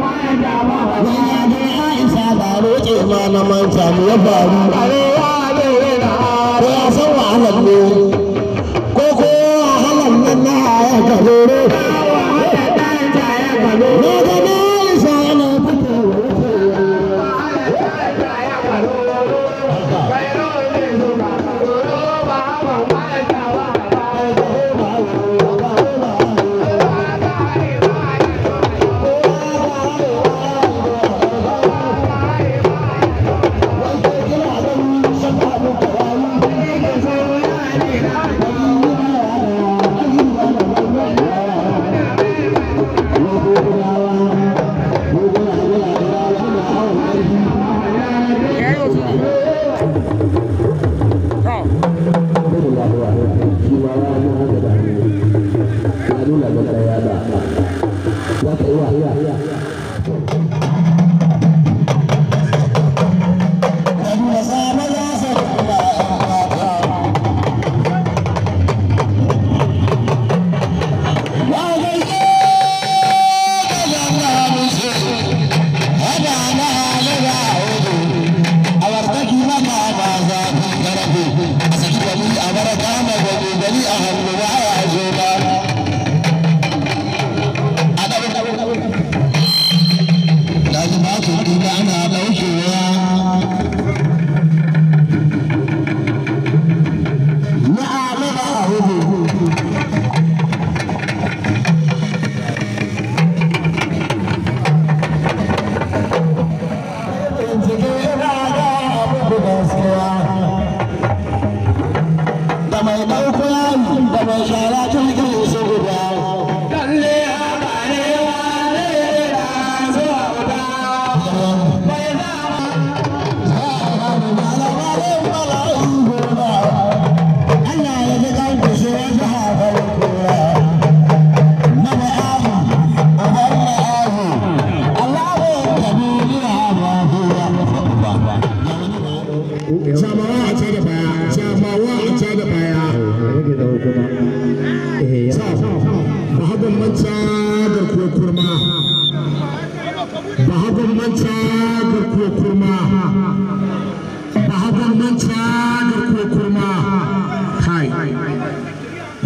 Wani ya isa ba roƙe ma na manta mu ya faru.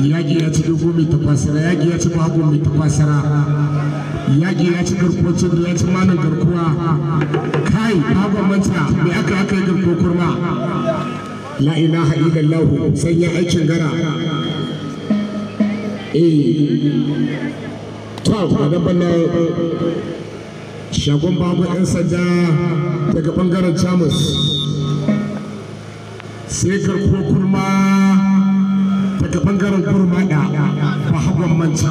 yaƙi ya ci dogo mai tafasara yaƙi ya ci bago mai tafasara yaƙi ya ci garkocin da ya ci manin garkuwa kai babu manta mai aka aka yi garkokur ma la ilaha illallah sanya aikin gara eh to a gaban na shagon babu 'yan sanda daga bangaren chamus sai garkokur ma da bangaren kurmada ba hagon manta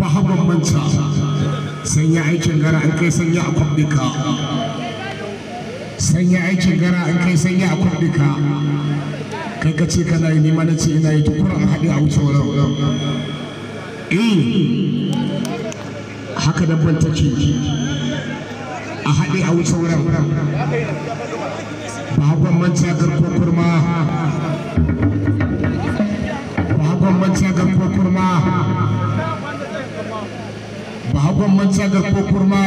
ba hagon manta sanya aikin gara an kai sanya a kwabdika sanya aikin gara an kai sanya a kwabdika kai ka ce kana yi nima na ce ina yi tukuran haɗe a wuce wurin eh haka dabban take a haɗe a wuce wurin ba hagon manta garkuwar kurma matsagar ko kurma ba hagon matsagar ko kurma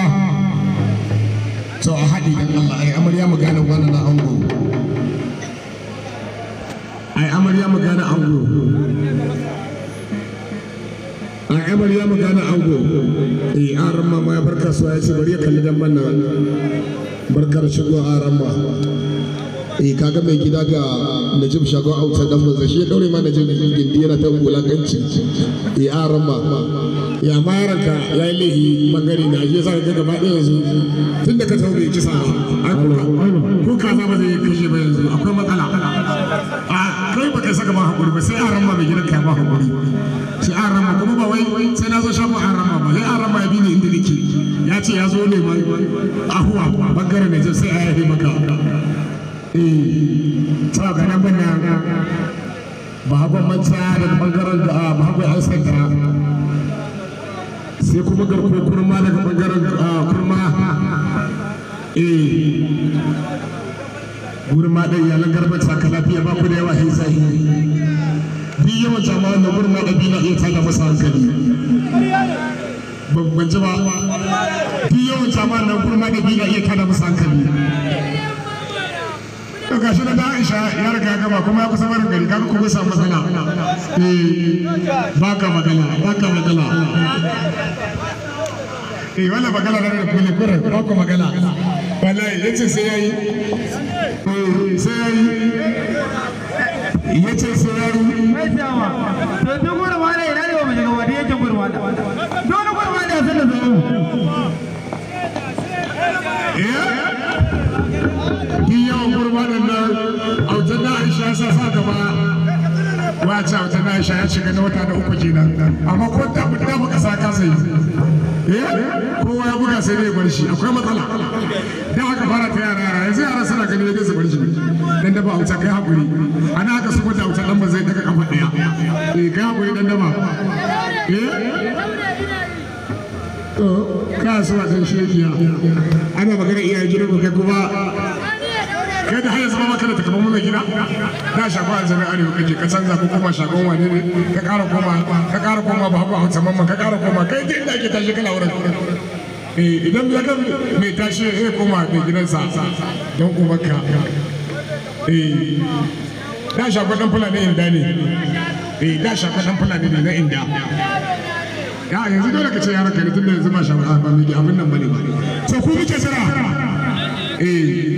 to a haɗi dan Allah ai amarya mu gane wannan ango ai amarya mu gane ango ai amarya mu gane ango eh an ramma ma ya barka su ya ce bari ya kalli dan nan barkar shigo a ramma eh kaga mai gida ga najib shagon auta dan banza shi ya daure ma najib gindi yana ta wulakanci eh aran ma ya ma ya yi lehi bangare na shi yasa ka gaba ɗaya yanzu tun da ka tau bai sa ko kaza ba zai kashe ba yanzu akwai matsala a kai ba kai saka ba hakuri ba sai aran ma mai gidan ka ba hakuri sai aran ma kuma ba wai sai na zo shago aran ma ba sai aran ma ya bi ni inda nake ya ce ya zo neman ahuwa bangare najib sai a yi maka Eh, to ga nan muna bahagon daga bangaren da ah, bahagon yan sanda sai kuma garko kurma daga bangaren ah, kurma eh gurma ɗan yalan garba ta lafiya ba ku da yawa hin sahi duk yawan jama'an da gurma ɗabi na iya tada masa hankali babban jama'a duk yawan jama'an da gurma ɗabi na iya tada masa hankali to gashi na Aisha ya riga gaba kuma ya kusa barin gari kaga kuma samu matsala eh baka eh, magana baka magana eh wala magana da ku ne kure baka magana wallahi yace sai yayi eh sai yayi yace ba ci wata na ya shiga na wata na uku kenan amma ko ta da muka sa ka eh, kowa ya buga sai dai barshi akwai matsala da haka fara ta yara yara yanzu yara suna gani dai su barshi dan da ba kai hakuri ana haka su kwata wuta dan ba zai daga kafa daya eh kai hakuri dan da ba eh? to ka so a san shekiya ana magana iyayen gidan kai kuma kai da har ya zama maka da takamammun gida da shago aljami arewa kake ka canza ko koma shagon wane ne ka ƙara koma ka ƙara koma ba hagu a hausa mamman ka ƙara koma kai duk inda ake tashi kana wurin eh, idan ya ga mai tashi ya koma mai gidan gidansa don umarka eh, da shago ɗan fulani inda ne eh, da shago ɗan fulani ne na inda ya yanzu dole ka ce yaran ka ne tunda yanzu ma shago ba mai abin nan bane ba sai ku muke sira eh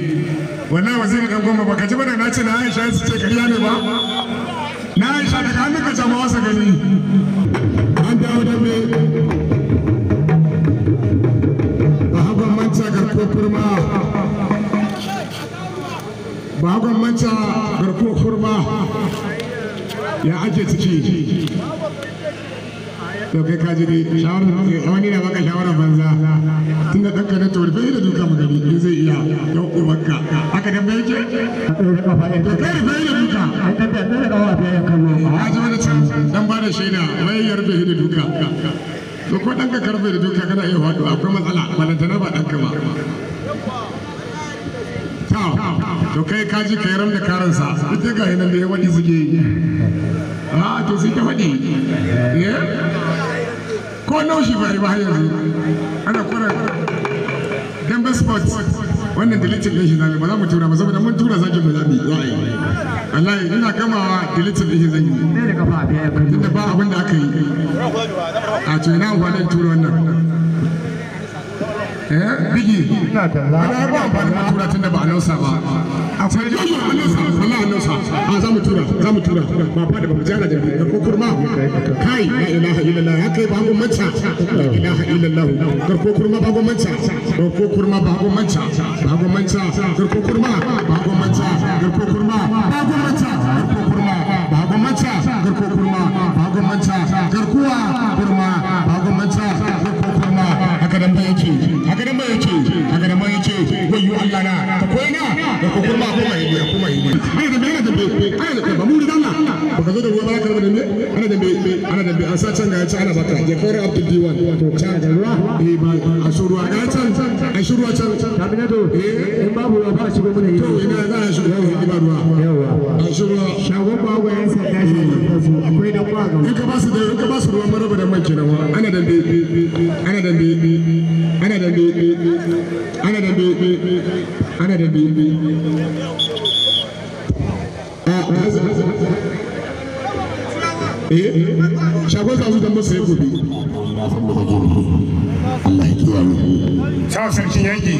wannan waziri dan goma ka ji bana na ce na Aisha su ce kariya ne ba na Aisha daga hannunka jama'a wasa gari. an dawo da me bahagon manta garko kurma bahagon manta garko kurma ya ake ciki da kai kaji dai shawarar wani na ka shawara banza tun da ka na torfe da duka mu magani in zai iya yau ubanka haka dan bai ce to kai rufe da duka a ji wani can dan ba da shaida wai ya rufe da duka to ko ka karfe da duka kana iya faɗo akwai matsala balantana ba ɗanka ba to kai ka ji kai da karansa ita ga hinan da ya wani suke yi a ah, to sai ta faɗi eh? ko shi bari ba har yanzu ana kura dambe sport wannan deletin ɗin shi zami ba za mu tura ba saboda mun tura zaki ba zami za a yi wallahi ina gamawa deletin ɗin shi zan yi tunda ba abin da aka yi a ce na amfanin tura wannan bigi amfani tura tunda ba a nausa ba akwai a nausa wala a nausa a tura tura ba da ba jana da kai la ilaha illallah ya kai manta la ilaha illallah kar manta kar manta manta kar manta kar manta kar manta kar manta kar kuwa kurma manta kar haka dan ba yake baka zo da ruwa ba ka da me ana da me eh, ana da me a sacan ga yace ana baka diwan to can, da ruwa eh ba a shi ruwa can a shi can, can kabina to eh in babu ruwa ba a shigo mun to ina za a shigo mun ba ruwa yawa a shi shagon eh. ba ga yan sa tashi akwai da kwa ga ka ba su da ka ba su ruwa maraba da man kenan ana da me eh, ana da me ana da me ana da me ana da me a shagon sa zuwa masa ya gobe Allah ya kiyaye sa sarkin yanki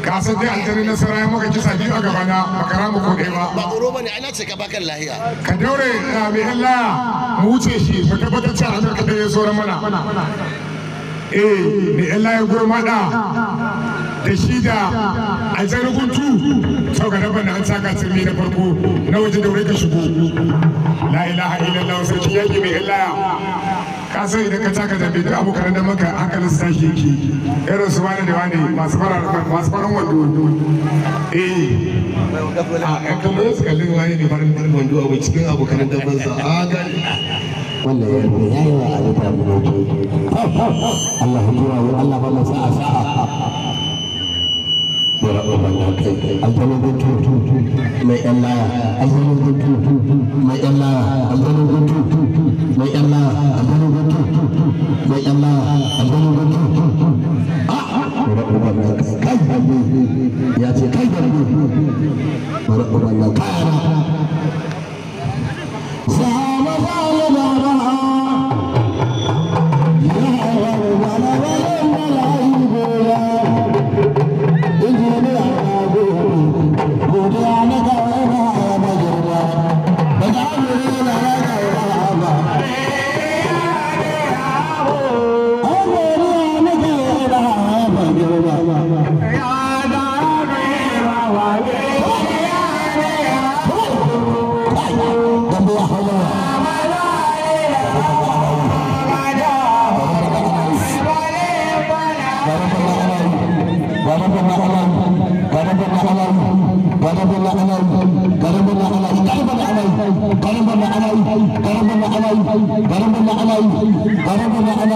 ka san dai aljari nasara maka kisa biyu a gaba na makara mu ko ba ba goro bane ana ce ka bakan lahiya ka daure mai Allah mu wuce shi mu tabbatar cewa an ka sauran mana eh mai Allah ya gurmada da shi da aljari kuntu. yau ga rabban an saka na farko na waje da wuri ka shigo la ilaha illallah sai yaki mai illaya ka sai idan ka taka duk abokan da maka hankalin sa shi yake irin su wani da wani masu farar masu farar wando eh, ah, eh a su kallon wani ne farin farin wando a cikin abokan da ban a ah, gani wannan ya ya yi wa da ke Allah ya Allah ba masa mara tu tu alfano mai yan laya alfano tu mai yan laya alfano gutu mai tu laya alfano mai yan laya alfano gutu mara ɓaɓalla kai ya ce kai dambe mara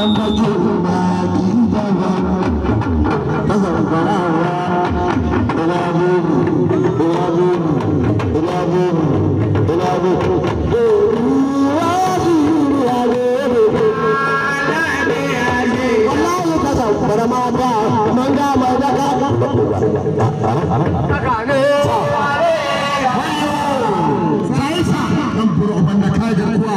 nan bakin bakin dama ta zamfarawa ina bobu ina bobu ina bobu ina bobu Para manda, manda, manda, manda. Sai sa,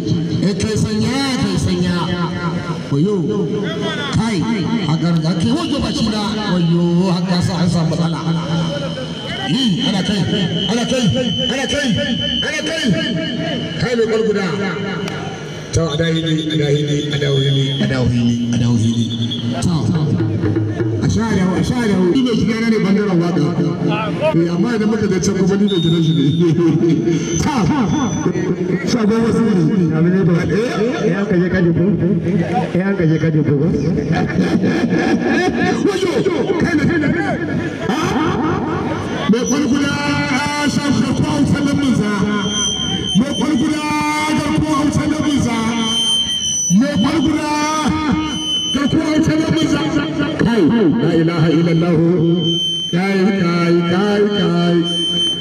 koyo kai a garga ke oh, wajo bashi na koyo har ka sa an matsala yi ana kai ana kai ana kai ana kai kai mai to to sha da da da ta la ilaha illallah kai kai kai kai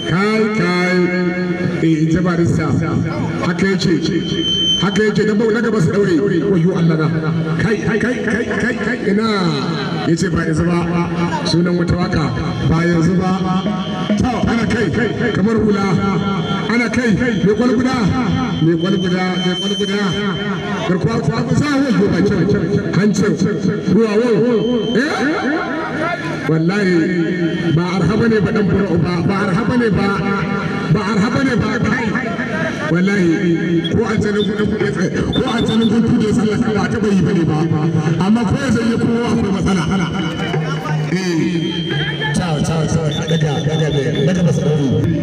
kai kai eh ita barista haka na gaba su daure wayo Allah na kai kai kai kai kai ina yace ba yanzu ba sunan wata waka ba yanzu ba ana kai kamar ana kai mai kwalguda mai kwalguda mai kwalguda garkuwa kuwa ba za a zuwa can hancin ruwa wo eh? wallahi ba arhaba ne ba dan furo ba ba arhaba ne ba ba arhaba ne ba kai wallahi ko a tsanin kudin kudin ko a tsanin kudin kudin sallah ba ta bayi bane ba amma ko ya zai kowa akwai matsala sawa ya daga daga da daga masa dauri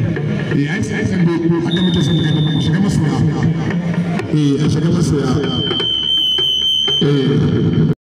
eh ai sai sai ko hadda mutum sun daga shiga masoya eh a shiga masoya